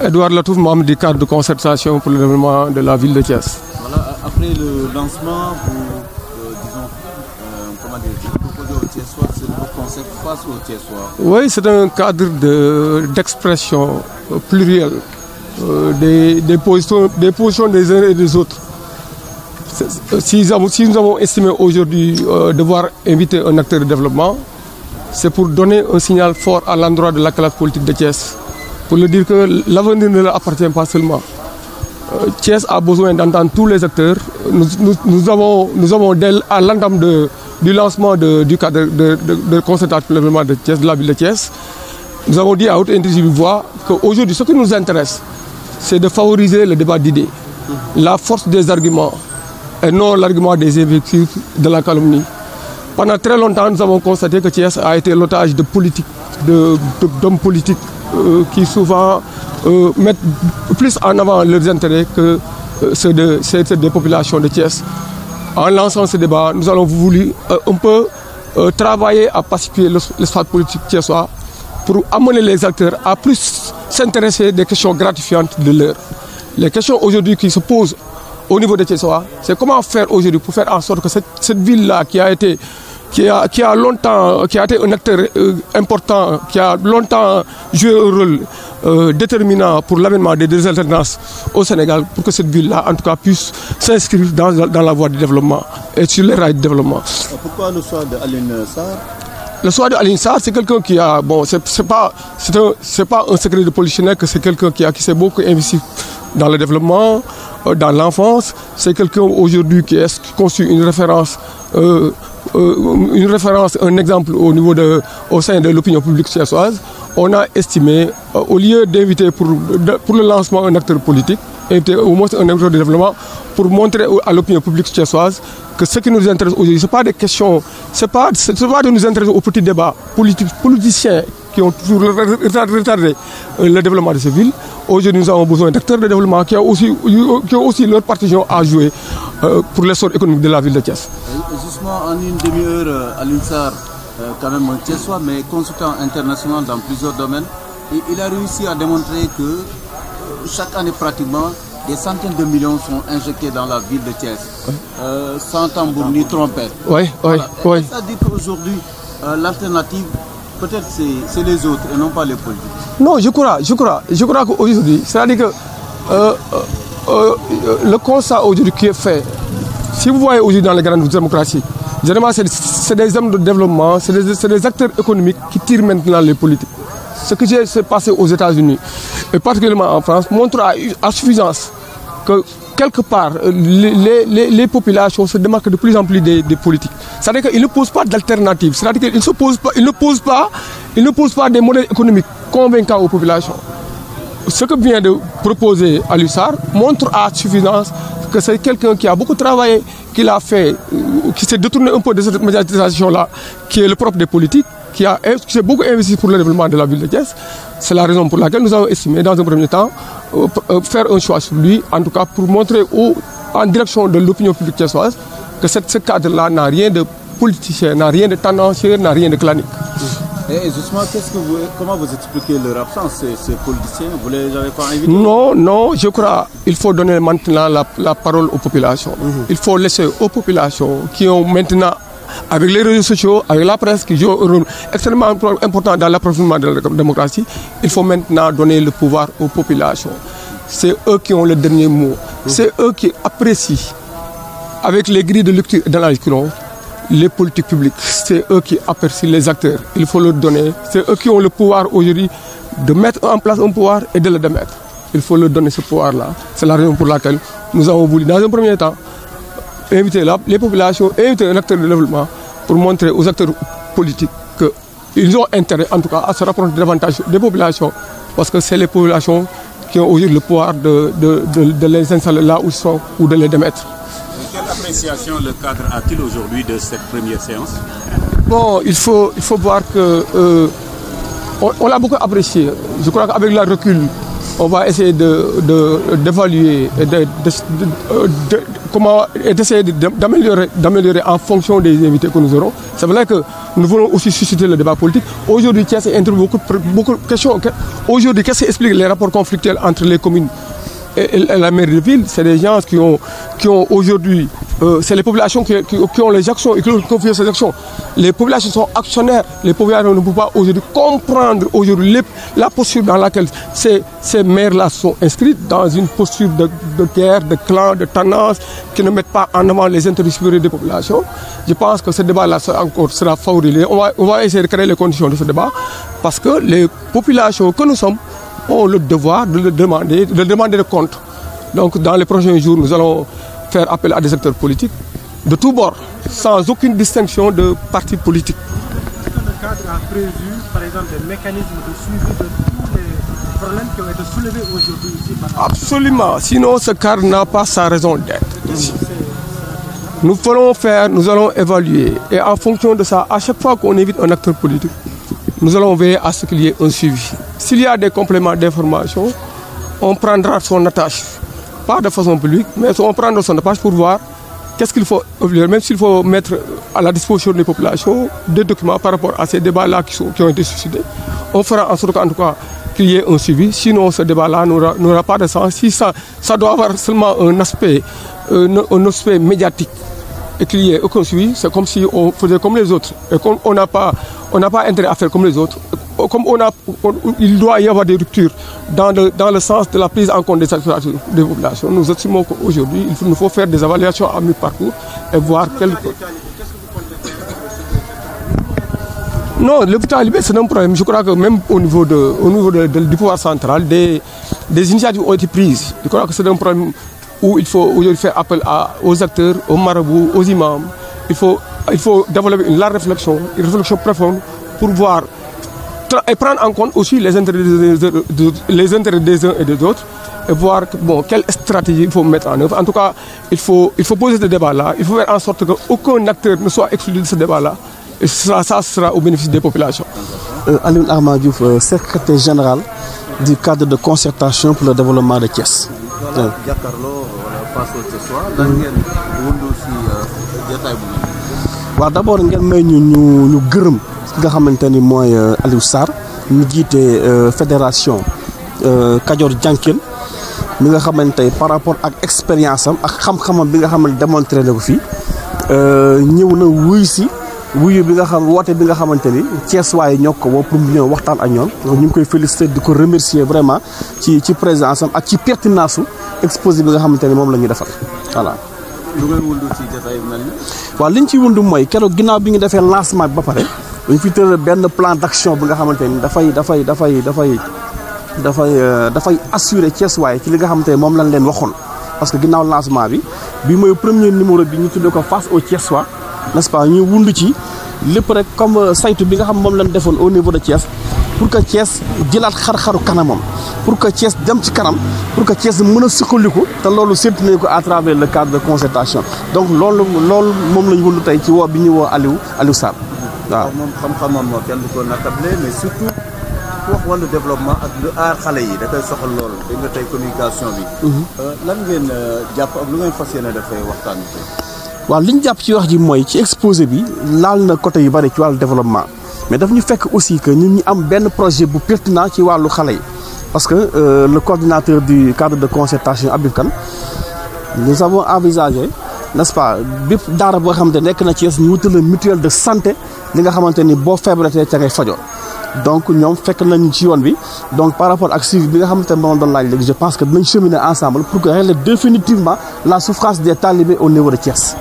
Edouard Latouf, membre du cadre de concertation pour le développement de la ville de Thiès. après le lancement, vous, euh, disons, euh, soit c'est le concept face au soit... Oui, c'est un cadre d'expression plurielle euh, des, positions, des uns et des autres. Si nous, avons, si nous avons estimé aujourd'hui euh, devoir inviter un acteur de développement, c'est pour donner un signal fort à l'endroit de la classe politique de Thiès pour le dire que l'avenir ne leur pas seulement. Euh, Thiès a besoin d'entendre tous les acteurs. Nous, avons, nous à l'entame du lancement du cadre de, de, de concertation de, la ville de Thiès, nous avons dit à haute intelligible voix qu'aujourd'hui, ce qui nous intéresse, c'est de favoriser le débat d'idées, la force des arguments et non l'argument des effectifs de la calomnie. Pendant très longtemps, nous avons constaté que Thiès a été l'otage de politiques, d'hommes politiques euh, qui souvent euh, mettent plus en avant leurs intérêts que euh, ceux, de, des populations de Thiès. En lançant ce débat, nous allons voulu un peu travailler à pacifier stade politique thiessois pour amener les acteurs à plus s'intéresser des questions gratifiantes de l'heure. Les questions aujourd'hui qui se posent au niveau de Thiessois, c'est comment faire aujourd'hui pour faire en sorte que cette, cette ville-là qui a été qui a, longtemps, qui a été un acteur euh, important, qui a longtemps joué un rôle euh, déterminant pour l'avènement des deux au Sénégal, pour que cette ville-là, en tout cas, puisse s'inscrire dans, la voie du développement et sur les rails du développement. Pourquoi le soir d'Aline Sarr le soir de Sarr, c'est quelqu'un qui a. Bon, c'est pas, pas un secret de polichinelle que c'est quelqu'un qui, a, qui s'est beaucoup investi dans le développement, euh, dans l'enfance. C'est quelqu'un aujourd'hui qui est conçu une référence euh, une référence, un exemple au niveau au sein de l'opinion publique chersoise, on a estimé, euh, au lieu d'inviter pour, le lancement un acteur politique, inviter au moins un acteur de développement pour montrer à l'opinion publique chersoise que ce qui nous intéresse aujourd'hui, ce n'est pas des questions, ce n'est pas, pas, de nous intéresser aux petits débats politiques, politiciens qui ont toujours retardé euh, le développement de ces villes, Aujourd'hui, nous avons besoin d'acteurs de développement qui ont aussi, qui aussi leur partition à jouer pour euh, pour l'essor économique de la ville de Thiès. Justement, en une demi-heure, à euh, euh, quand même un Thiessois, mais consultant international dans plusieurs domaines, il a réussi à démontrer que chaque année pratiquement, des centaines de millions sont injectés dans la ville de Thiès, sans tambour ni trompette. Oui, oui, oui. Ça dit qu'aujourd'hui, l'alternative Peut-être c'est les autres et non pas les politiques. Non, je crois, je crois, je crois qu'aujourd'hui, c'est-à-dire que euh, euh, euh, le constat aujourd'hui qui est fait, si vous voyez aujourd'hui dans les grandes démocraties, généralement c'est des hommes de développement, c'est des, acteurs économiques qui tirent maintenant les politiques. Ce qui s'est passé aux États-Unis, et particulièrement en France, montre à suffisance que quelque part, euh, les, populations se démarquent de plus en plus des, politiques. C'est-à-dire qu'ils ne posent pas d'alternative. C'est-à-dire qu'ils ne, posent pas, ils ne, posent pas, des modèles économiques convaincants aux populations. Ce que vient de proposer Alussard montre à suffisance que c'est quelqu'un qui a beaucoup travaillé, qui l'a fait, euh, qui s'est détourné un peu de cette médiatisation-là, qui est le propre des politiques, qui, a, beaucoup investi pour le développement de la ville de Thiès. C'est la raison pour laquelle nous avons estimé, dans un premier temps, euh, euh, faire un choix sur lui, en tout cas pour montrer en direction de l'opinion publique soise que cette, ce cadre-là n'a rien de politicien, n'a rien de tendancier, n'a rien de clanique. Et justement, comment vous expliquez leur absence, ces, politiciens Vous les avez pas invités Non, non, je crois qu'il faut donner maintenant la, parole aux populations. Mhm. Il faut laisser aux populations qui ont maintenant avec les réseaux sociaux, avec la presse qui joue un rôle extrêmement important dans l'approfondissement de la démocratie, il faut maintenant donner le pouvoir aux populations. C'est eux qui ont le dernier mot. C'est eux qui apprécient, avec les grilles de lecture dans la les politiques publiques. C'est eux qui apprécient les acteurs. Il faut leur donner. C'est eux qui ont le pouvoir aujourd'hui de mettre en place un pouvoir et de le démettre. Il faut leur donner ce pouvoir-là. C'est la raison pour laquelle nous avons voulu, dans un premier temps, inviter les populations, inviter un acteur de développement pour montrer aux acteurs politiques qu'ils ont intérêt en tout cas à se rapprocher davantage des populations parce que c'est les populations qui ont aujourd'hui le pouvoir de, de, les installer là où ils sont ou de les démettre. Quelle appréciation le cadre a-t-il aujourd'hui de cette première séance Bon, il faut, il faut voir que euh, on, l'a beaucoup apprécié. Je crois qu'avec le recul, on va essayer d'évaluer, de, de, comment d'essayer d'améliorer, en fonction des invités que nous aurons. C'est vrai que nous voulons aussi susciter le débat politique. Aujourd'hui, beaucoup questions. Aujourd'hui, qu'est-ce qui explique les rapports conflictuels entre les communes la mairie de ville, c'est les gens qui ont, qui ont aujourd'hui, euh, c'est les populations qui, ont les actions et qui ont ces actions. Les populations sont actionnaires, les populations ne peuvent pas aujourd'hui comprendre aujourd'hui la posture dans laquelle ces, ces maires-là sont inscrits dans une posture de, guerre, de clan, de tendance, qui ne mettent pas en avant les intérêts supérieurs des populations. Je pense que ce débat-là encore sera favorisé. On va, on va essayer de créer les conditions de ce débat parce que les populations que nous sommes ont le devoir de le demander, de le demander de compte. Donc dans les prochains jours, nous allons faire appel à des acteurs politiques de tous bords, sans aucune distinction de parti politique. le cadre a prévu, par exemple, des mécanismes de suivi de tous les problèmes qui ont été soulevés aujourd'hui Absolument, sinon ce cadre n'a pas sa raison d'être. Nous ferons faire, nous allons évaluer. Et en fonction de ça, à chaque fois qu'on évite un acteur politique, nous allons veiller à ce qu'il y ait un suivi. S'il y a des compléments d'information, on prendra son attache. Pas de façon publique, mais on prendra son attache pour voir qu'est-ce qu'il faut, même s'il faut mettre à la disposition des populations des documents par rapport à ces débats-là qui, ont été suscités. On fera en sorte qu'en tout qu'il y ait un suivi, sinon ce débat-là n'aura pas de sens. Si ça, ça doit avoir seulement un aspect, euh, un aspect médiatique, est au suivi, c'est comme si on faisait comme les autres. Et comme on n'a pas, on n'a pas intérêt à faire comme les autres, comme on a, il doit y avoir des ruptures dans le, dans le sens de la prise en compte des saturations des populations, nous estimons qu'aujourd'hui, il nous faut faire des évaluations à mi-parcours et voir quel... Non, l'hôpital libéral, c'est un problème. Je crois que même au niveau, de, au niveau du pouvoir central, des, des initiatives ont été prises. Je crois que c'est un problème où il faut faire appel aux acteurs, aux marabouts, aux imams. Il faut, développer une large réflexion, une réflexion profonde pour voir et prendre en compte aussi les intérêts des, uns et des autres et voir bon, quelle stratégie il faut mettre en œuvre. En tout cas, il faut, poser ce débat-là, il faut faire en sorte qu'aucun acteur ne soit exclu de ce débat-là. Et ça, sera au bénéfice des populations. Euh, euh, secrétaire général du cadre de concertation pour le développement de Thiès. voilà jàkkaarloo ngeen d' euh, abord ngeen may ñu ñu ñu gërëm ki nga xamante ni mooy euh, Aliou Sarr ñu jiite euh, fédération Kajoor Jànken mi nga tey par rapport ak expérience am ak xam-xamam bi nga xam ne démontré na ko fii ñëw na wuy si. wuyu bi nga xam woote bi nga xamante ni Thiès waaye ñoo ko woo pour waxtaan ak ñoom. ñu ngi koy félicité di ko remercier vraiment ci ci présence am ak ci pertinence su exposé bi nga xamante ni moom la ñu defal voilà. ci jotaay mel ni. waaw li ñu ciy wundu mooy keroog ginnaaw bi ñu defee lancement bi ba pare ñu fi tëral benn plan d'action bi nga xamante ni dafay dafay dafay dafay dafay euh, dafay assurer Thiès waaye ci li nga xamante ni moom lañ leen waxoon. parce que ginnaaw lancement bi bi mooy premier numéro bi ñu tuddee ko face au n'est-ce pas ñu wund ci lépp rek comme euh, saytu bi nga xam moom lañ defoon au niveau de Thiès pour que Thiès jëlaat xar-xaru kanamam pour que Thiès dem ci kanam pour que Thiès mën a suqaliku te loolu séntu nañu ko à travers le cadre de concertation donc loolu loolu moom lañ ñu wund tey ci woo bi ñu woo Aliou Aliou Sarr waaw moom xam-xamam moo kenn du ko natable mais surtout ku wax wàllu développement ak lu aar xale yi da koy soxal loolu dañ nga tey communication bi mhm. euh, lan ngeen euh, jàpp ak lu ngeen fas yéene dafay waxtaan bi waaw li ñu jàpp ci wax ji mooy ci exposé bi laal na côté yu bari ci wàllu développement mais daf ñu fekk aussi que ñun ñu am benn projet bu pertinent ci wàllu xale yi parce que euh, le coordinateur du cadre de concertation Abib Kan nous avons envisagé n'est-ce pas bépp daara boo xamante nekk na ci ñu wutal mutuel de santé li nga xamante ni boo feebaratee ca ngay fajoo donc ñoom fekk nañ ci yoon bi donc par rapport ak suivi bi nga xamante ne moom doon laaj léegi je pense que dinañ cheminer ensemble pour que régler définitivement la souffrance des talibés au niveau de Thiès.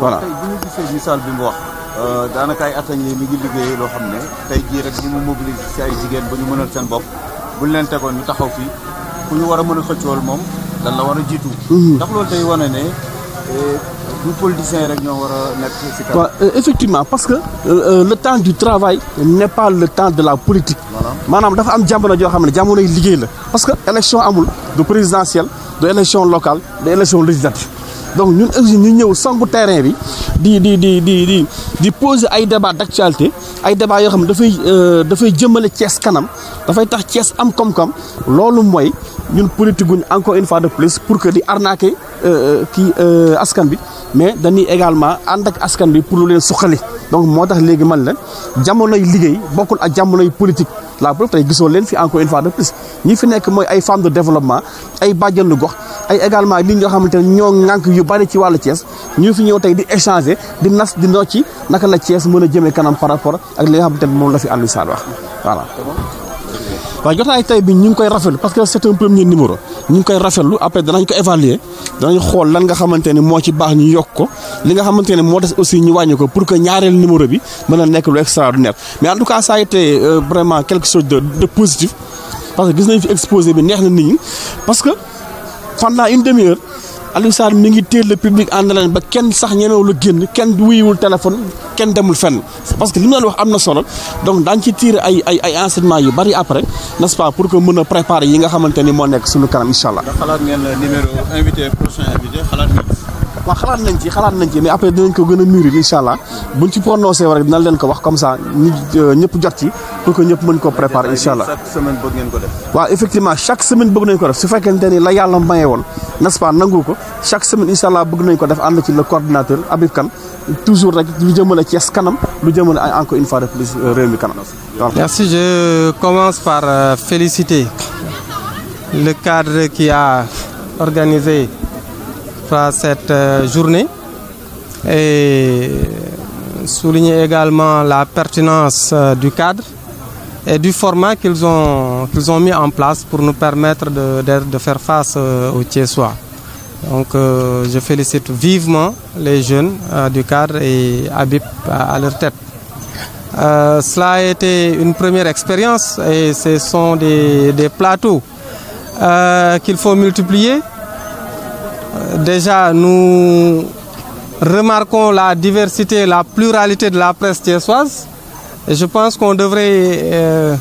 voilà tey bu ñu gisee salle bi mu wax euh, daanaka ay at a ngi mi ngi liggéey loo xam ne tey jii rek ñu mu mobiliser si ay jigéen ba ñu mënal seen bopp bu ñu leen tegoon ñu taxaw fii ku ñu war a mën a xëccool moom dan la war a jiitu. Mhm. ndax loolu tey wane ne. Et nous rek ñoo war a nekk ci euh, effectivement parce que euh, euh, le temps du travail n'est pas le temps de la politique. Madame, dafa am jamono joo xam ne jamonoy liggéey la. parce que l'élection amul de présidentielle de élection locale de élection législative donc ñun aussi ñu ñëw sangu terrain bi di di di di di di poser ay débat d'actualité ay débat yoo xam ne dafay euh, dafay jëmale Thiès kanam dafay tax Thiès am kom koom loolu mooy ñun politique encore une fois de plus pour que di arnaquer euh, euh, kii askan bi mais dañuy également ànd ak askan bi pour lu leen suqali. donc moo tax léegi man la jamonoy liggéey bokkul ak jamonoy politique la preuve tey gisoo leen fi encore une fois de plus ñi fi nekk mooy ay femmes de développement ay bàjjanu gox ay également li ñoo xamante ne ñoo ŋànk yu bari ci wàllu Thiès ñu fi ñëw tey di échanger di nas di ci naka la Thiès mën a jëmee kanam par rapport ak li nga xamante ne moom la fi Alioune Sarr wax voilà. waaye jotaay tey bi ñu ngi koy rafetlu parce que c'est un premier numéro ñu ngi koy rafetlu après danañ ko évaluer danañ xool lan nga xamante ne moo ci baax ñu yokk ko li nga xamante ne moo des aussi ñu wàññi ko pour que ñaareel numéro bi mën a nekk lu extraordinaire mais en tout cas ça a euh, vraiment quelque chose de positif parce que gis nañ fi exposé bi neex na nit ñi parce que pendant une demi-heure. Alioune Sarr mi ngi téel le public en haleine ba kenn sax ñemewul a génn kenn wuyuwul téléphone kenn demul fenn parce que li mu doon wax am na solo donc daañu ci tiir ay ay ay enseignement yu bari après n'est-ce pas pour que mën a préparer yi nga xamante ni moo nekk suñu kanam incha allah. xalaat ngeen numéro invité prochain invité xalaat ngeen waaw xalaat nañ ci xalaat nañ ci mais après dinañ ko gën a mûrir incha allah buñ ci prononcé rek dinañ leen ko wax comme ça ñu euh, ñëpp jot ci pour que ñëpp mën ko préparer incha allah chaque semaine bëgg ngeen ko def waaw effectivement chaque semaine bëgg nañ ko def su fekkente ni la yàlla maye woon n'est-ce pas nangu ko chaque semaine incha allah bëgg nañ ko def ànd ci le coordinateur Habib Kane toujours rek lu jëmale es kanam lu jëmale encore une fois de plus euh, réew mi kanam merci je commence par euh, féliciter le cadre qui a organisé cette euh, journée et euh, souligner également la pertinence euh, du cadre et du format qu'ils ont, ont mis en place pour nous permettre de, faire face au Soi. Donc je félicite vivement les jeunes du cadre et Habib à, leur tête. cela a été une première expérience et ce sont des plateaux qu'il faut multiplier euh, déjà nous remarquons la diversité, la pluralité de la presse tiessoise. je pense qu'on devrait euh,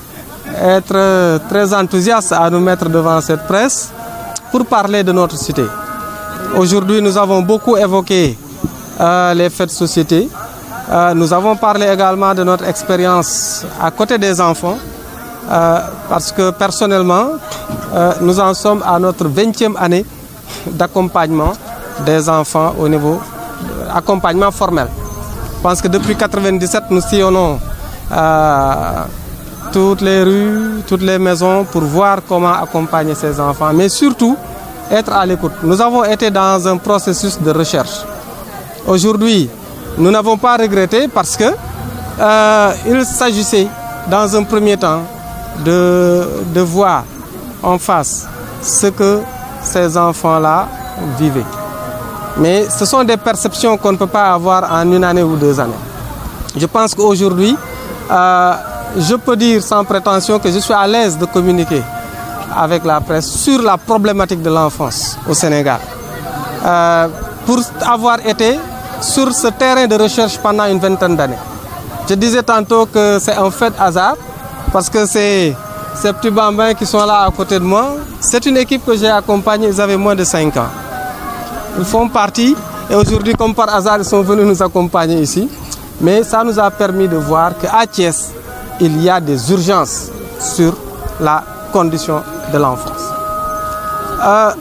être très enthousiaste à nous mettre devant cette presse pour parler de notre cité. Aujourd'hui, nous avons beaucoup évoqué euh, les fêtes société. nous avons parlé également de notre expérience à côté des enfants, parce que personnellement, nous en sommes à notre 20e année d'accompagnement des enfants au niveau euh, accompagnement formel. Je pense que depuis 1997, nous sillonnons euh, toutes les rues, toutes les maisons pour voir comment accompagner ces enfants, mais surtout être à l'écoute. Nous avons été dans un processus de recherche. Aujourd'hui, nous n'avons pas regretté parce que euh, il s'agissait dans un premier temps de, de voir en face ce que ces enfants-là vivaient. Mais ce sont des perceptions qu'on ne peut pas avoir en une année ou deux années. Je pense qu'aujourd'hui, euh, je peux dire sans prétention que je suis à l'aise de communiquer avec la presse sur la problématique de l'enfance au Sénégal. Euh, pour avoir été sur ce terrain de recherche pendant une vingtaine d'années. Je disais tantôt que c'est un fait hasard parce que c'est ces petits bambins qui sont là à côté de moi, c'est une équipe que j'ai accompagnée, ils avaient moins de 5 ans. Ils font partie et aujourd'hui, comme par hasard, ils sont venus nous accompagner ici. Mais ça nous a permis de voir qu'à Thiès, il y a des urgences sur la condition de l'enfance. Euh,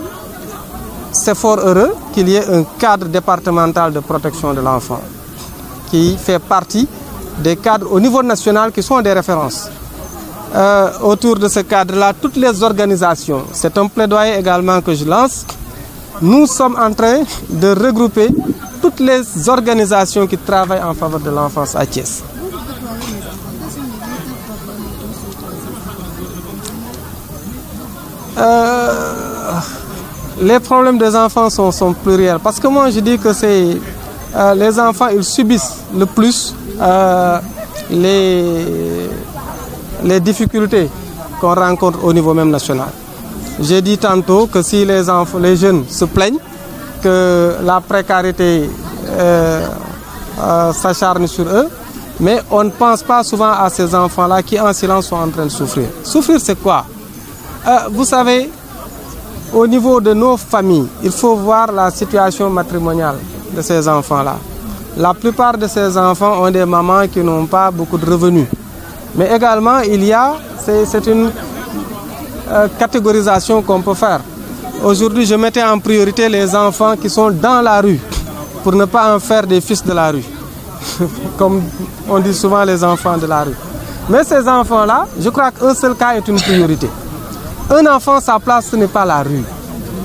c'est fort heureux qu'il y ait un cadre départemental de protection de l'enfant qui fait partie des cadres au niveau national qui sont des références. Euh, autour de ce cadre-là toutes les organisations. C'est un plaidoyer également que je lance. Nous sommes en train de regrouper toutes les organisations qui travaillent en faveur de l'enfance à Thiès. Euh, les problèmes des enfants sont, pluriels parce que moi je dis que c'est euh, les enfants ils subissent le plus les les difficultés qu'on rencontre au niveau même national. J'ai dit tantôt que si les, enfants, jeunes se plaignent que la précarité euh, euh, s'acharne sur eux, mais on ne pense pas souvent à ces enfants-là qui en silence sont en train de souffrir. Souffrir, c'est quoi euh, Vous savez, au niveau de nos familles, il faut voir la situation matrimoniale de ces enfants-là. La plupart de ces enfants ont des mamans qui n'ont pas beaucoup de revenus. Mais également, il y a, c'est une euh, catégorisation qu'on peut faire. Aujourd'hui, je mettais en priorité les enfants qui sont dans la rue pour ne pas en faire des fils de la rue, comme on dit souvent les enfants de la rue. Mais ces enfants-là, je crois qu'un seul cas est une priorité. Un enfant, sa place, ce n'est pas la rue.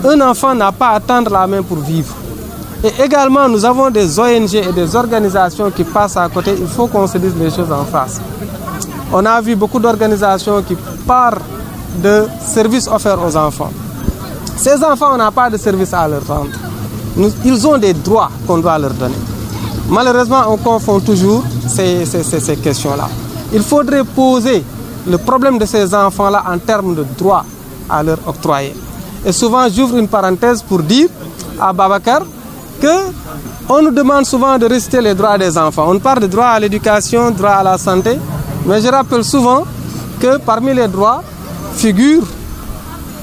Un enfant n'a pas à tendre la main pour vivre. Et également, nous avons des ONG et des organisations qui passent à côté. Il faut qu'on se dise les choses en face. On a vu beaucoup d'organisations qui parlent de services offerts aux enfants. Ces enfants, on n'a pas de service à leur rendre. ils ont des droits qu'on doit leur donner. Malheureusement, on confond toujours ces, questions-là. Il faudrait poser le problème de ces enfants-là en termes de droits à leur octroyer. Et souvent, j'ouvre une parenthèse pour dire à Babacar que on nous demande souvent de rester les droits des enfants. On parle de droits à l'éducation, droit à la santé, mais je rappelle souvent que parmi les droits figure,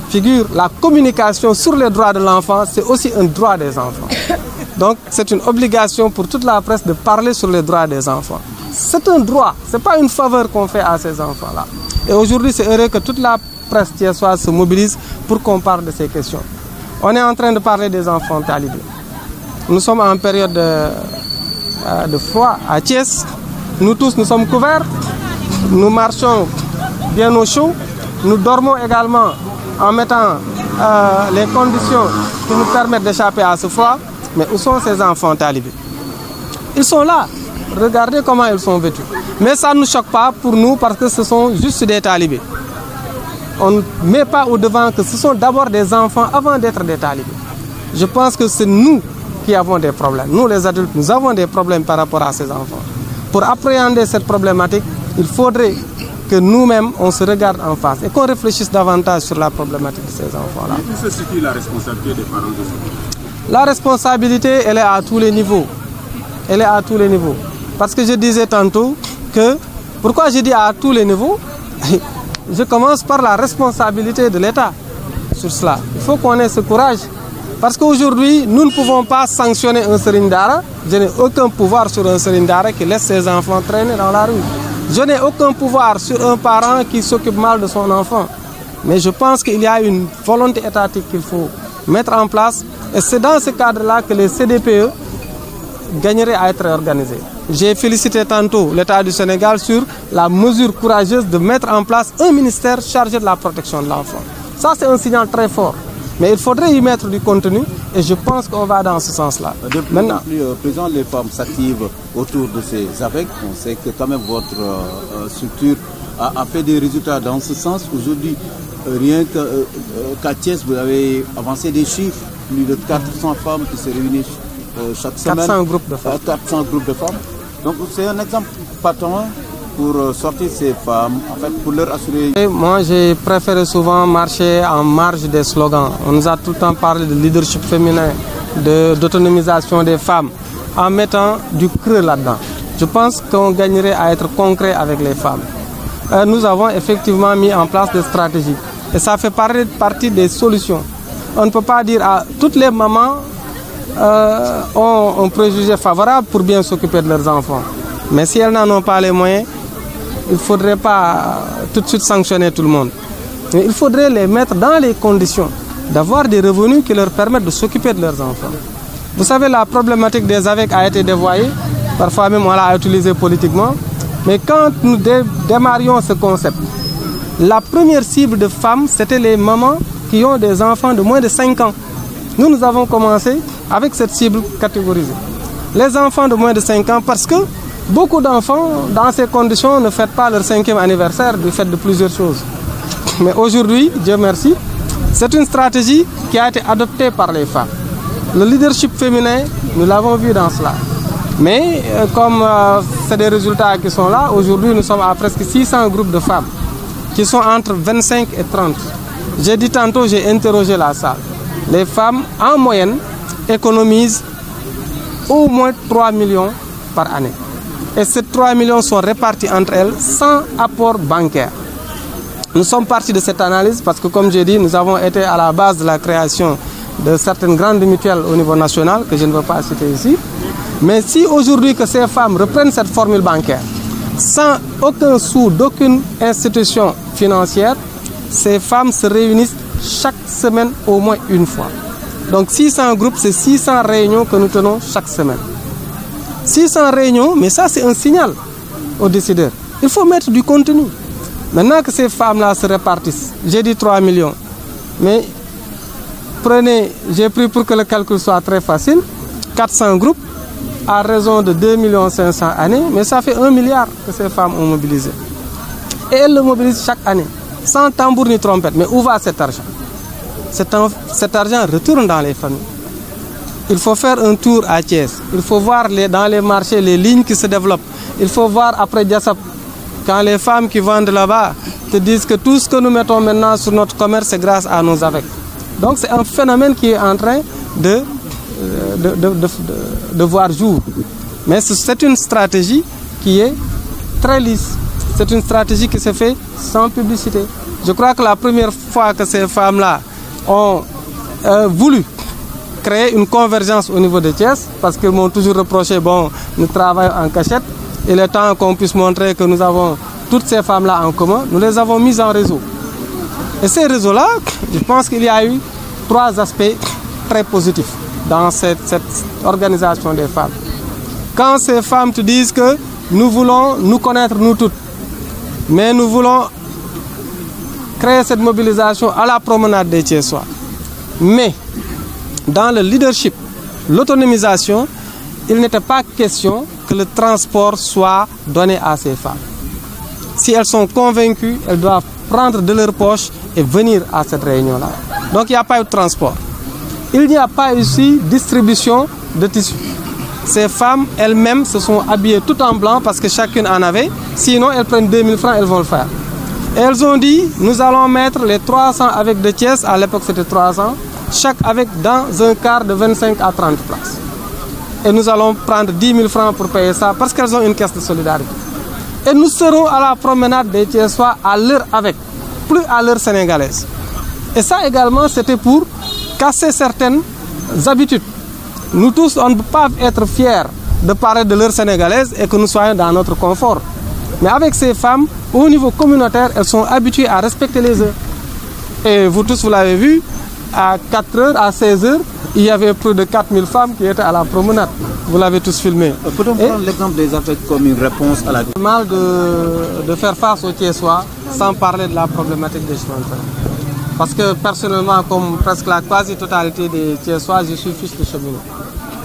figure la communication sur les droits de l'enfant, c'est aussi un droit des enfants. Donc c'est une obligation pour toute la presse de parler sur les droits des enfants. C'est un droit, ce n'est pas une faveur qu'on fait à ces enfants-là. Et aujourd'hui, c'est heureux que toute la presse soit se mobilise pour qu'on parle de ces questions. On est en train de parler des enfants talibés. Nous sommes en période de, euh, de froid à Thiès. Nous tous, nous sommes couverts. Nous marchons bien au chaud. Nous dormons également en mettant euh, les conditions qui nous permettent d'échapper à ce froid. Mais où sont ces enfants talibés Ils sont là. Regardez comment ils sont vêtus. Mais ça ne nous choque pas pour nous parce que ce sont juste des talibés. On ne met pas au devant que ce sont d'abord des enfants avant d'être des talibés. Je pense que c'est nous qui avons des problèmes. Nous les adultes, nous avons des problèmes par rapport à ces enfants. Pour appréhender cette problématique, il faudrait que nous-mêmes, on se regarde en face et qu'on réfléchisse davantage sur la problématique de ces enfants-là. Où se situe la responsabilité des parents de La responsabilité, elle est à tous les niveaux. Elle est à tous les niveaux. Parce que je disais tantôt que, pourquoi je dis à tous les niveaux Je commence par la responsabilité de l'État sur cela. Il faut qu'on ait ce courage. Parce qu'aujourd'hui, nous ne pouvons pas sanctionner un Serindara. Je n'ai aucun pouvoir sur un Serindara qui laisse ses enfants traîner dans la rue. Je n'ai aucun pouvoir sur un parent qui s'occupe mal de son enfant. Mais je pense qu'il y a une volonté étatique qu'il faut mettre en place. Et c'est dans ce cadre-là que les CDPE gagneraient à être organisés. J'ai félicité tantôt l'État du Sénégal sur la mesure courageuse de mettre en place un ministère chargé de la protection de l'enfant. Ça, c'est un signal très fort. Mais il faudrait y mettre du contenu et je pense qu'on va dans ce sens-là. Euh, Maintenant, plus euh, présent, les femmes s'activent autour de ces AVEC. On sait que quand même votre euh, structure a, fait des résultats dans ce sens. Aujourd'hui, rien que euh, vous avez avancé des chiffres. Plus de 400 femmes qui se réunissent chaque 400 semaine. de femmes. 400 groupes de femmes. Donc c'est un exemple patent pour euh, sortir ces femmes, en fait, pour leur assurer Moi, j'ai préféré souvent marcher en marge des slogans. On nous a tout le temps parlé de leadership féminin, d'autonomisation des femmes, en mettant du creux là-dedans. Je pense qu'on gagnerait à être concret avec les femmes. Euh, nous avons effectivement mis en place des stratégies. Et ça fait partie des solutions. On ne peut pas dire à toutes les mamans euh, ont un préjugé favorable pour bien s'occuper de leurs enfants. Mais si elles n'en ont pas les moyens, il ne faudrait pas tout de suite sanctionner tout le monde. Mais il faudrait les mettre dans les conditions d'avoir des revenus qui leur permettent de s'occuper de leurs enfants. Vous savez, la problématique des AVEC a été dévoyée, parfois même on l'a utilisée politiquement. Mais quand nous démarrions ce concept, la première cible de femmes, c'était les mamans qui ont des enfants de moins de 5 ans. Nous, nous avons commencé avec cette cible catégorisée. Les enfants de moins de 5 ans parce que Beaucoup d'enfants, dans ces conditions, ne fêtent pas leur cinquième anniversaire du fait de plusieurs choses. Mais aujourd'hui, Dieu merci, c'est une stratégie qui a été adoptée par les femmes. Le leadership féminin, nous l'avons vu dans cela. Mais euh, comme euh, c'est des résultats qui sont là, aujourd'hui nous sommes à presque 600 groupes de femmes qui sont entre 25 et 30. J'ai dit tantôt, j'ai interrogé la salle. Les femmes, en moyenne, économisent au moins 3 millions par année et ces 3 millions sont répartis entre elles sans apport bancaire. Nous sommes partis de cette analyse parce que, comme j'ai dit, nous avons été à la base de la création de certaines grandes mutuelles au niveau national, que je ne veux pas citer ici. Mais si aujourd'hui que ces femmes reprennent cette formule bancaire, sans aucun sou d'aucune institution financière, ces femmes se réunissent chaque semaine au moins une fois. Donc 600 groupes, c'est 600 réunions que nous tenons chaque semaine. 600 réunions, mais ça c'est un signal aux décideurs. Il faut mettre du contenu. Maintenant que ces femmes-là se répartissent, j'ai dit 3 millions, mais prenez, j'ai pris pour que le calcul soit très facile, 400 groupes à raison de 2 500 années, mais ça fait 1 milliard que ces femmes ont mobilisé. elles le mobilisent chaque année, sans tambour ni trompette. Mais où va cet argent cet argent retourne dans les familles. Il faut faire un tour à Thiès. Il faut voir dans les marchés les lignes qui se développent. Il faut voir après Diassap, quand les femmes qui vendent là-bas te disent que tout ce que nous mettons maintenant sur notre commerce, c'est grâce à nos avec. Donc c'est un phénomène qui est en train de, euh, de, voir jour. Mais c'est une stratégie qui est très lisse. C'est une stratégie qui se fait sans publicité. Je crois que la première fois que ces femmes-là ont euh, voulu créer une convergence au niveau de Thiès, parce qu'ils m'ont toujours reproché, bon, nous travaillons en cachette, Et le temps qu'on puisse montrer que nous avons toutes ces femmes-là en commun, nous les avons mises en réseau. Et ces réseaux-là, je pense qu'il y a eu trois aspects très positifs dans cette, organisation des femmes. Quand ces femmes te disent que nous voulons nous connaître nous toutes, mais nous voulons créer cette mobilisation à la promenade des soirs Mais dans le leadership, l'autonomisation, il n'était pas question que le transport soit donné à ces femmes. Si elles sont convaincues, elles doivent prendre de leur poche et venir à cette réunion-là. Donc il n'y a pas eu de transport. Il n'y a pas ici distribution de tissus. Ces femmes elles-mêmes se sont habillées tout en blanc parce que chacune en avait. Sinon, elles prennent 2000 francs, elles vont le faire. elles ont dit, nous allons mettre les 300 avec des pièces. À l'époque, c'était 300 chaque avec dans un quart de 25 à 30 places. Et nous allons prendre 10 000 francs pour payer ça parce qu'elles ont une caisse de solidarité. Et nous serons à la promenade des soit à l'heure avec, plus à l'heure sénégalaise. Et ça également, c'était pour casser certaines habitudes. Nous tous, on ne peut pas être fiers de parler de l'heure sénégalaise et que nous soyons dans notre confort. Mais avec ces femmes, au niveau communautaire, elles sont habituées à respecter les heures. Et vous tous, vous l'avez vu, à 4h, à 16h, il y avait plus de 4000 femmes qui étaient à la promenade. Vous l'avez tous filmé. Euh, peut-on prendre l'exemple des affaires comme une réponse à la... mal de, de faire face au Tiessois sans parler de la problématique des chemins Parce que personnellement, comme presque la quasi-totalité des Tiessois, je suis fils de cheminot.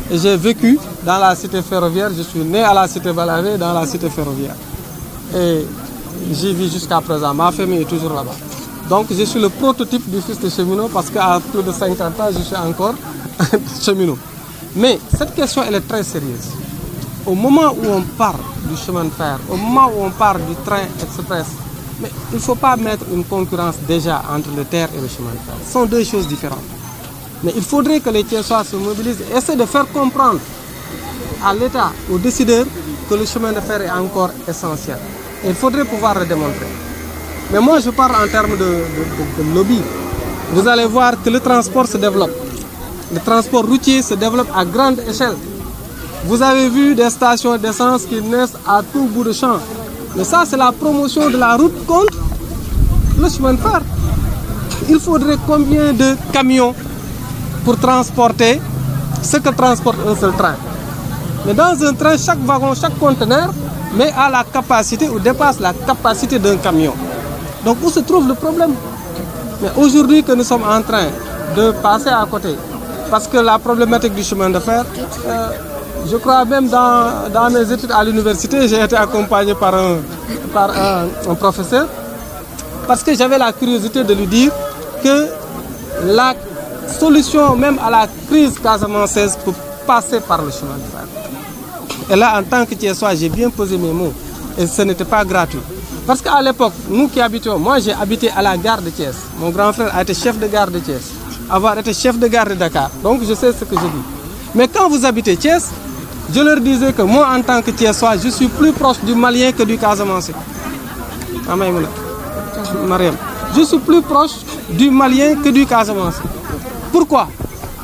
Et j'ai vécu dans la cité ferroviaire, je suis né à la cité Balavé, dans la cité ferroviaire. Et j'y vis jusqu'à présent. Ma famille est toujours là-bas. Donc je suis le prototype du fils de cheminot parce qu'à plus de 50 ans, je suis encore cheminot. Mais cette question, elle est très sérieuse. Au moment où on parle du chemin de fer, au moment où on parle du train express, il ne faut pas mettre une concurrence déjà entre le terre et le chemin de fer. Ce sont deux choses différentes. Mais il faudrait que les soient se mobilisent et essaient de faire comprendre à l'État, aux décideurs, que le chemin de fer est encore essentiel. Et il faudrait pouvoir le démontrer. Mais moi, je parle en termes de, lobby. Vous allez voir que le transport se développe. Le transport routier se développe à grande échelle. Vous avez vu des stations d'essence qui naissent à tout bout de champ. Mais ça, c'est la promotion de la route contre le chemin de fer. Il faudrait combien de camions pour transporter ce que transporte un seul train Mais dans un train, chaque wagon, chaque conteneur met à la capacité ou dépasse la capacité d'un camion. Donc où se trouve le problème Mais aujourd'hui que nous sommes en train de passer à côté, parce que la problématique du chemin de fer, euh, je crois même dans, mes études à l'université, j'ai été accompagné par un, professeur, parce que j'avais la curiosité de lui dire que la solution même à la crise cesse peut passer par le chemin de fer. Et là, en tant que soir j'ai bien posé mes mots, et ce n'était pas gratuit. Parce qu'à l'époque, nous qui habitons, moi j'ai habité à la gare de Thiès. Mon grand frère a été chef de gare de Thiès. Avoir été chef de gare de Dakar. Donc je sais ce que je dis. Mais quand vous habitez Thiès, je leur disais que moi en tant que Thiessois, je suis plus proche du Malien que du Casamance. Ah, Mariam. Je suis plus proche du Malien que du Casamance. Pourquoi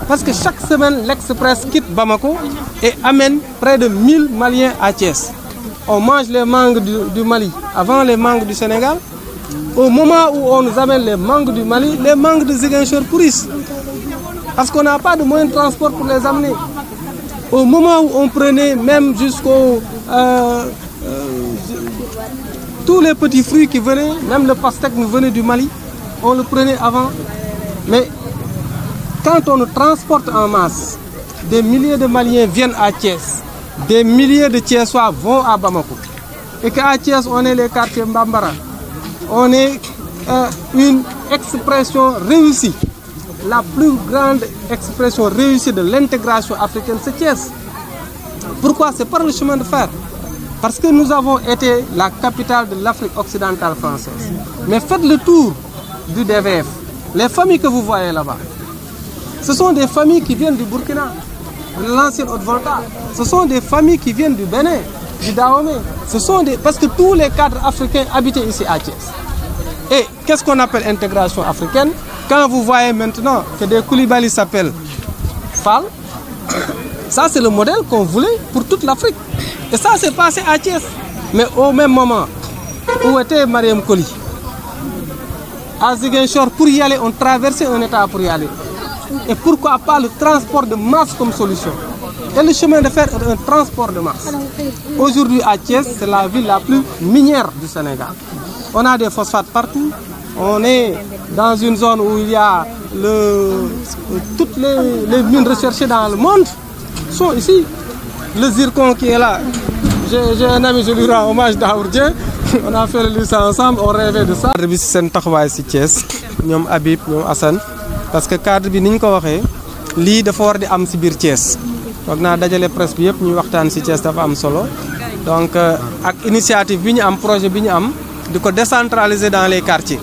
Parce que chaque semaine, l'Express quitte Bamako et amène près de 1000 Maliens à Thiès on mange les mangues du, Mali avant les mangues du Sénégal. Au moment où on nous amène les mangues du Mali, les mangues de Ziguinchor pourrissent. Parce qu'on n'a pas de moyens de transport pour les amener. Au moment où on prenait même jusqu'au... Euh, euh, tous les petits fruits qui venaient, même le pastèque nous venait du Mali, on le prenait avant. Mais quand on nous transporte en masse, des milliers de Maliens viennent à Thiès, des milliers de Thiessois vont à Bamako. Et qu'à Thiès, on est le quartiers Mbambara. On est euh, une expression réussie. La plus grande expression réussie de l'intégration africaine, c'est Thiès. Pourquoi C'est par le chemin de fer. Parce que nous avons été la capitale de l'Afrique occidentale française. Mais faites le tour du DVF. Les familles que vous voyez là-bas, ce sont des familles qui viennent du Burkina, l'ancienne haute Ce sont des familles qui viennent du Bénin, du Dahomey. Ce sont des, parce que tous les cadres africains habitaient ici à Thiès. Et qu'est-ce qu'on appelle intégration africaine Quand vous voyez maintenant que des Koulibaly s'appellent FAL, ça c'est le modèle qu'on voulait pour toute l'Afrique. Et ça s'est passé à Thiès. Mais au même moment, où était Mariam Koli À Ziguinchor, pour y aller, on traversait un état pour y aller et pourquoi pas le transport de masse comme solution. Et le chemin de fer est un transport de masse. Aujourd'hui à Thiès, c'est la ville la plus minière du Sénégal. On a des phosphates partout, on est dans une zone où il y a le, toutes les, mines recherchées dans le monde sont ici. Le zircon qui est là, j'ai un ami, je lui rends hommage d'Aourdien. On a fait le lycée ensemble, on rêvait de ça. Hassan. parce que cadre bi ni ñu ko waxee lii dafa war di am si biir Thiès foog naa dajale presse bi yëpp ñuy waxtaan si Thiès dafa am solo donc euh, ak initiative bi ñu am projet bi ñu am di ko décentraliser dans les quartiers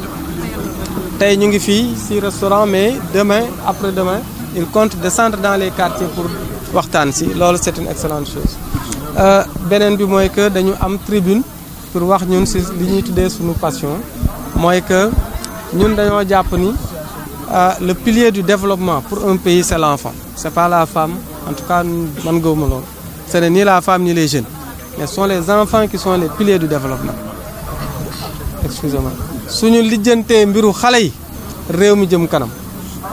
tey ñu ngi fii si restaurant mais demain après demain il compte descendre dans les quartiers pour waxtaan si loolu c'est une excellente chose euh, beneen bi mooy que dañu am tribune pour wax ñun si li ñuy tuddee suñu passion mooy que ñun dañoo jàpp ni Euh, le pilier du développement pour un pays, c'est l'enfant. Ce n'est pas la femme. En tout cas, Mango Ce n'est ni la femme ni les jeunes. Mais ce sont les enfants qui sont les piliers du développement. Excusez-moi. Si nous avons bureau xalé réew mi jëm kanam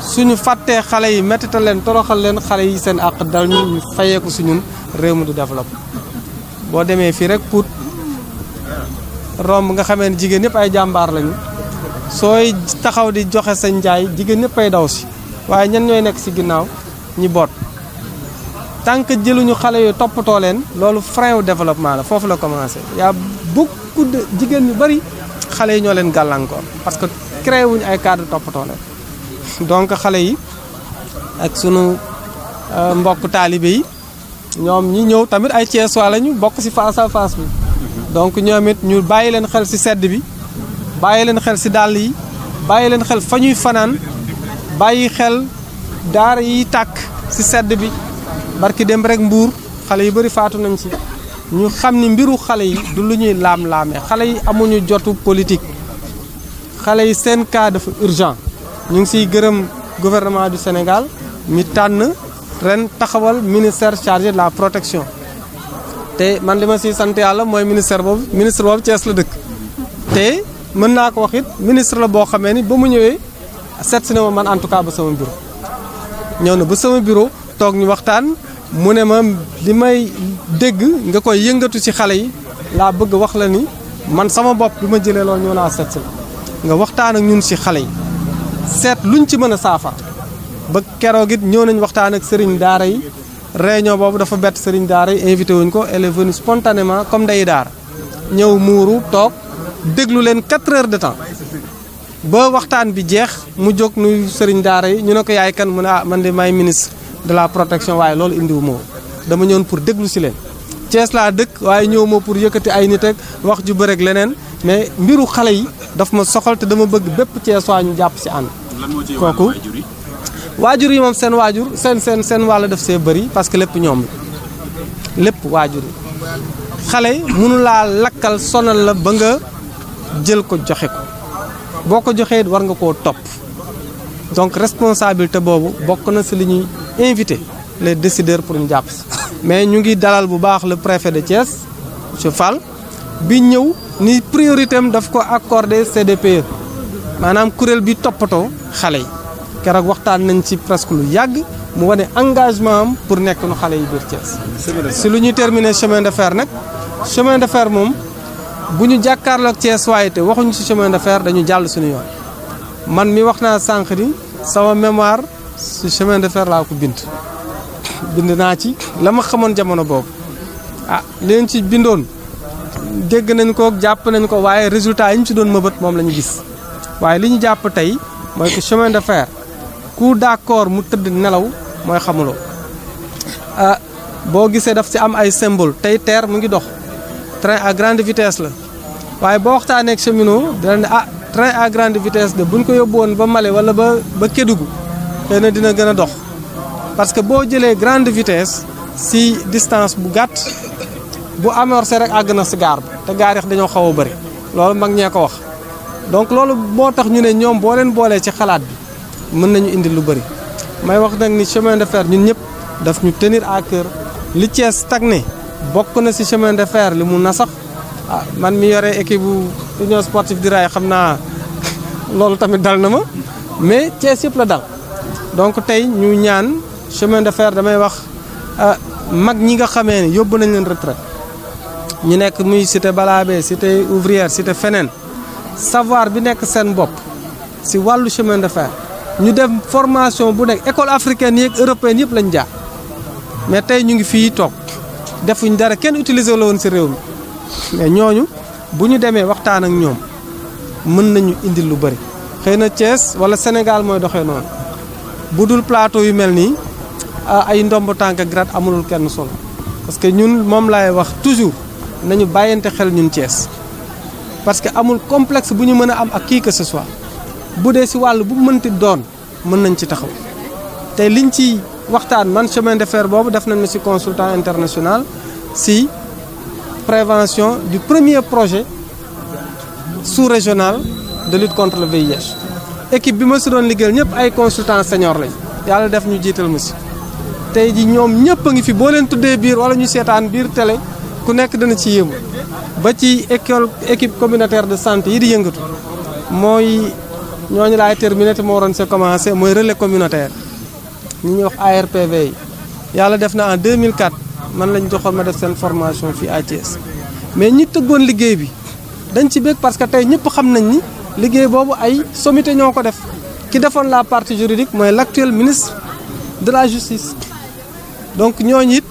suñu fàttee xale yi méttital leen toroxal leen xale yi seen àq dal ñu fayeeku si mi du développe boo demee fii rek pour romb nga xamee ne jigéen ay lañu soy taxaw di joxe sa njaay jigéen ñëppay daw ci waaye ñan ñoy nek si ginnaw ñi tank jëlu ñu xalé yu to len lolu frein au développement la fofu la commencé ya beaucoup de jigen ñu bari xalé ñoo len gàllankoor parce que créé wuñ ay cadre to len donc xalé yi ak suñu euh, mbokk talibé yi ñom ñi ñëw tamit ay Thiessois lañu bok ci face à face bi donc ñoom ñu bàyyi xel ci sedd bi bàyyi leen xel si dàll yi bàyyi leen xel fa ñuy fanaan bàyyi xel daara yi tàkk si sedd bi barki dem rek mbuur xale yu bëri faatu nañ ci ñu xam ni mbiru xale yi du lu ñuy laam-laamee xale yi amuñu jotu politique xale yi seen cas dafa urgent ñu ngi siy gërëm gouvernement du Sénégal mi tànn ren taxawal ministère chargé de la protection te man li ma siy sant yàlla mooy ministère boobu ministre boobu la dëkk te mën naa ko waxit ministre la boo xamee ni ba mu ñëwee seet si na ma man en tout cas ba sama bureau ñëw na ba sama bureau toog ñu waxtaan mu ne ma li may dégg nga koy yëngatu ci xale yi laa bëgg wax la ni man sama bopp bi ma jëlee loolu ñëw naa nga waxtaan ak ñun ci xale yi seet luñ ci mën a ba keroog it ñëw nañ waxtaan ak sëriñ daara yi réunion boobu dafa bett sëriñ daara yi invité wuñ ko elle est venue spontanément comme day daara ñëw muuru toog déglu leen quatre heures de temps ba waxtaan bi jeex mu jóg nuyu sëriñ daara yi ñu ne ko yaay kan mu ne ah man de may ministre de la protection waaye loolu indiwu moo dama ñëwoon pour déglu si leen Cees laa dëkk waaye ñëw ma pour yëkkati ay nit wax ju bëreeg leneen mais mbiru xale yi daf ma soxal te dama bëgg bépp Cees waa ñu jàpp si ànd kooku waajur yi moom seen waajur seen seen seen wàll def see bëri parce que lépp ñoom lépp waajur yi xale mënu lakkal sonal la ba nga jël ko joxe ko boo ko joxee war nga koo topp donc responsabilité boobu bokk na si li ñuy invité les décideurs pour ñu jàpp si. mais ñu ngi dalal bu baax le préfet de Thiès monsieur Fall bi ñëw ni priorité am daf ko accordé CDPE maanaam kuréel bi toppatoo xale yi keroog waxtaan nañ ci presque lu yàgg mu wane engagement am pour nekk nu xale yi biir Thiès. si lu ñuy terminer chemin de fer nag chemin de fer moom. bu ñu jàkkaarloog Thiès waaye te waxuñu ci chemin de fer dañu jàll suñu yoon man mi wax naa sànq ni sama mémoire ci chemin de fer laa ko bind bind naa ci la ma xamoon jamono boobu ah leen ci bindoon dégg nañ ko jàpp nañ ko waaye résultat yi ñu ci doon mëbët moom la ñu gis waaye li ñu jàpp tey mooy que chemin de fer ku d'accord mu tëdd nelaw mooy xamuloo ah boo gisee daf ci am ay symbole tey terre mu ngi dox train à grande vitesse la waye bo waxtane ak cheminot dañ ah train à grande vitesse de buñ ko yobone ba malé wala ba ba kédugu dañ dina gëna dox parce que bo jëlé grande vitesse si distance bu gatt bu amorcé rek àgg na si gaar bi te gaar yi dañu xaw bari lolu mag ñe ko wax donc lolu bo tax ñu né ñom bo leen bolé ci xalaat bi mën nañu indi lu bari may wax nak ni chemin de fer ñun ñëpp daf ñu tenir à cœur li ci stagné bokk na si chemin de fer li mu na sax ah man mi yore équipe bu union sportive du rail xam naa loolu tamit dal na ma mais Thiès yëpp la dal donc tey ñu ñaan chemin de fer damay wax ah, mag ñi nga xamee ne yóbbu nañ leen retraite ñu nekk muy cité Balabé cité ouvrière cité feneen savoir bi nekk seen bopp si wàllu chemin de fer ñu dem formation bu nekk école africaine yeeg européenne yëpp lañ jaar mais tey ñu ngi fii toog. defuñ dara kenn utiliser la woon si réew mi mais ñooñu bu ñu demee waxtaan ak ñoom mën nañu indi lu bëri. xëy na Thiès wala Sénégal mooy doxee noonu bu dul plateau yu mel nii ah, ay ndomb tànk grade amulul kenn solo parce que ñun moom lay wax toujours nañu bàyyante xel ñun cees parce que amul complexe bu ñu mën a am ak kii que ce bu dee si wàll bu mënti doon mën nañ ci taxaw te liñ ci waxtaan man chemin de fer boobu def nañu ci consultant international ci prévention du premier projet sous-régional de lutte contre le VIH. équipe bi ma ci doon liggéeyal ñëpp ay consultant senior lañ yàlla def ñu jiital ma ci tey ji ñoom ñëpp a ngi fi boo leen tuddee biir wala ñu seetaan biir télé ku nekk dana ci yéemu ba ci école équipe communautaire de santé yi di yëngatu mooy ñooñu laay terminé te moo waroon see commencé mooy relais communautaire. ñi ñuy wax ARPV yalla def na en 2004 man lañ joxoon ma def sen formation fi ATS mais ñi tëggoon liggéey bi dañ ci bëgg parce que tay ñepp xam nañ ni liggéey bobu ay sommité ñoko def ki defoon la partie juridique moy l'actuel ministre de la justice donc ñooñu it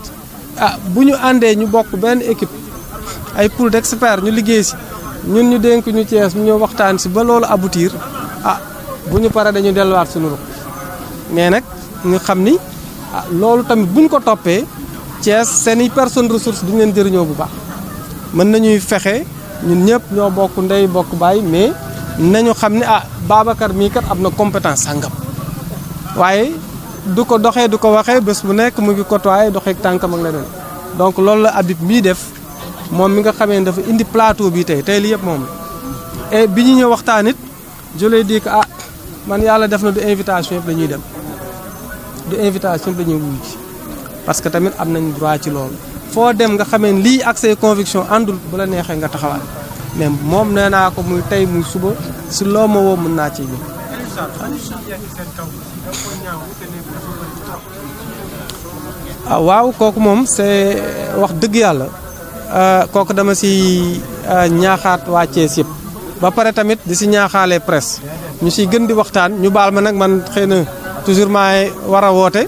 ah bu ñu àndee ñu bokk ben équipe ay pool d'experts ñu liggéey ci ñun ñu denk ñu ties ñu waxtaan ci ba lolu aboutir ah bu ñu paree dañu wat suñu mais nak nga xam ni ah loolu tamit buñ ko toppee Thiès seen i personne ressource duñ leen jëriñoo bu baax mën nañuy fexe ñun ñëpp ñoo bokk ndey bokk baay mais nañu xam ne ah Babacar mii kat am na compétence sàngam waaye du ko doxee du ko waxee bés bu nekk mu ngi kotuwaay doxeeg tànkam ak leneen donc loolu la Habib mii def moom mi nga xamee dafa indi plateau bii tey tey li yëpp moom la et bi ñu ñëw waxtaan it je dis que ah man yàlla def na du invitation yëpp la ñuy dem. du invitation la ñuy wuyu ci parce que tamit am nañ droit ci loolu foo dem nga xamee lii ak say conviction andul bu la neexee nga taxawaat mais moom nee naa ko muy tey muy suba si loo ma woo mën naa ci ñëw ah waaw kooku moom c'est wax dëgg yàlla euh, kooku dama si euh, ñaaxaat waa Thiès yëpp ba pare tamit di si ñaaxaalee presse ñu si gën di waxtaan ñu baal ma nag man xëy na toujours may wara a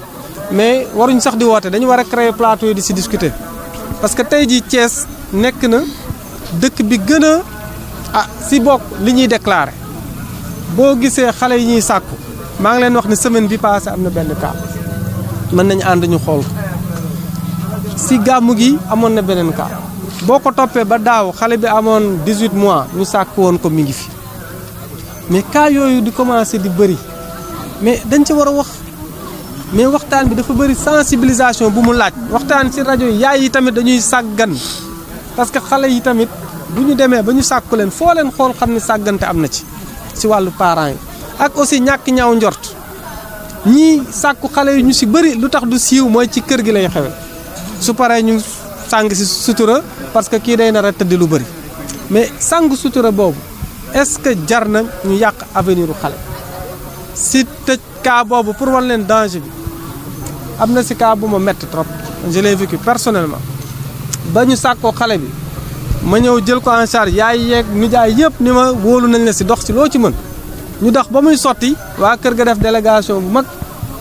mais waruñ sax di wote dañu wara créer plateau di ci discuter parce que tay ji Thiès nek na dëkk bi gëna ah si bok li ñuy déclarer bo gisé xalé yi ñuy sakku ma ngi leen wax ni semaine bi passé amna benn cas man nañ and ñu xol si gamu gi amon na benen cas boko topé ba daw xalé bi amon 18 mois ñu sakku won ko mi ngi fi mais cas yoyu di commencer di bëri mais dañ ci war a wax mais waxtaan bi dafa bëri sensibilisation bu mu laaj waxtaan si rajo yaay yi tamit dañuy sàggan parce que xale yi tamit bu ñu demee ba ñu sàkku leen foo leen xool xam ne sàggante am na ci si wàllu parents yi ak aussi ñàkk ñaaw njort ñii sàkku xale yi ñu si bëri lu tax du siiw mooy ci kër gi lay xewe su paree ñu sàng si sutura parce que kii day na a lu bëri mais sàng sutura boobu est ce que jar na ñu yàq avenir xale si tëj cas boobu pour wan leen danger bi am na si cas bu ma metti trop je l'ai vécu personnellement ba ñu sàkkoo xale bi ma ñëw jël ko en charge yaay yeeg nijaay yëpp ni ma wóolu nañ la si dox si loo ci mën ñu dox ba muy sotti waa kër ga def délégation bu mag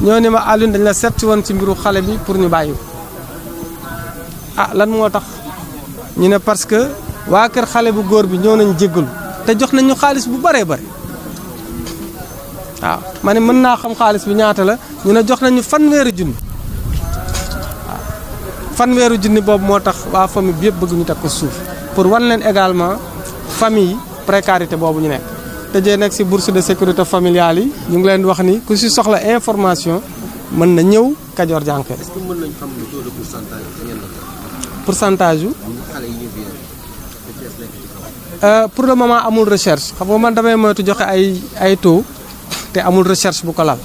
ñoo ni ma Alioune dañ la seet si woon ci mbiru xale bi pour ñu bàyyi ko ah lan moo tax ñu ne parce que waa kër xale bu góor bi ñëw nañ jéggalu te jox nañ ñu xaalis bu bëree bëri waaw ma ne mën naa xam xaalis bi ñaata la ñu ne jox nañu fanweeri junni waaw fanweeri junni boobu moo tax waa famille bi yëpp bëgg ñu teg ko suuf pour wan leen également famille précarité boobu ñu nekk tëjee nag si bourse de sécurité familiale yi ñu ngi leen wax ni ku si soxla information mën na ñëw kajoor jànke est ce que mën nañ xam le taux de pourcentage ngeen la pourcentage yu xale euh, pour le moment amul recherche xam nga man damay moytu joxe ay ay taux te amul recherche bu ko lal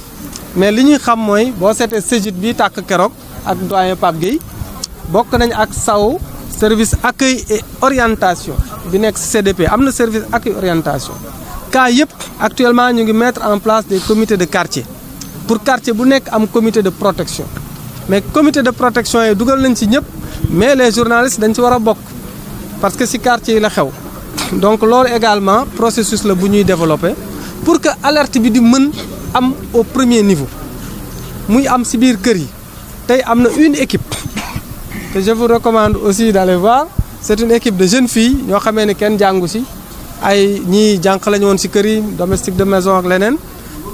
mais li ñuy xam mooy boo seetee CEGID bi tàkk keroog ak doyen pap Gueye bokk nañ ak saw service accueil et orientation bi nekk ci CDP am na service accueil orientation cas yëpp actuellement ñu ngi mettre en place des comités de quartier pour quartier bu nekk am comité de protection mais comité de protection yi dugal nañ ci ñëpp mais les journalistes dañ ci war a parce que ci quartier yi la xew donc loolu également processus est bu ñuy développer pour que alerte bi di mën am au premier niveau muy am si biir kër yi tey am na une équipe que je vous recommande aussi d'aller voir c'est une équipe de jeunes filles ñoo xamee ne kenn jàngu si ay ñii jànq lañu woon si kër yi domestique de maison ak leneen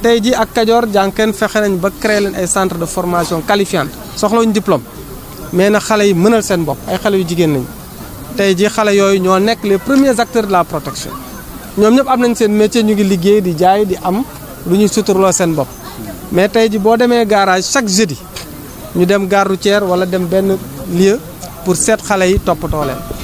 tey ji ak Kajoor jànkeen fexe nañ ba créer leen ay centre de formation qualifiante soxlawuñu diplôme mais na xale yi mënal seen bopp ay xale yu jigéen nañ tey ji xale yooyu ñoo nekk les premiers acteurs de la protection ñoom ñëpp am nañ seen métier ñu ngi liggéey di jaay di am lu ñuy suturloo seen bopp mais tey ji boo demee garage chaque jeudi ñu dem gare routière wala dem benn lieu pour seet xale yi toppatoo leen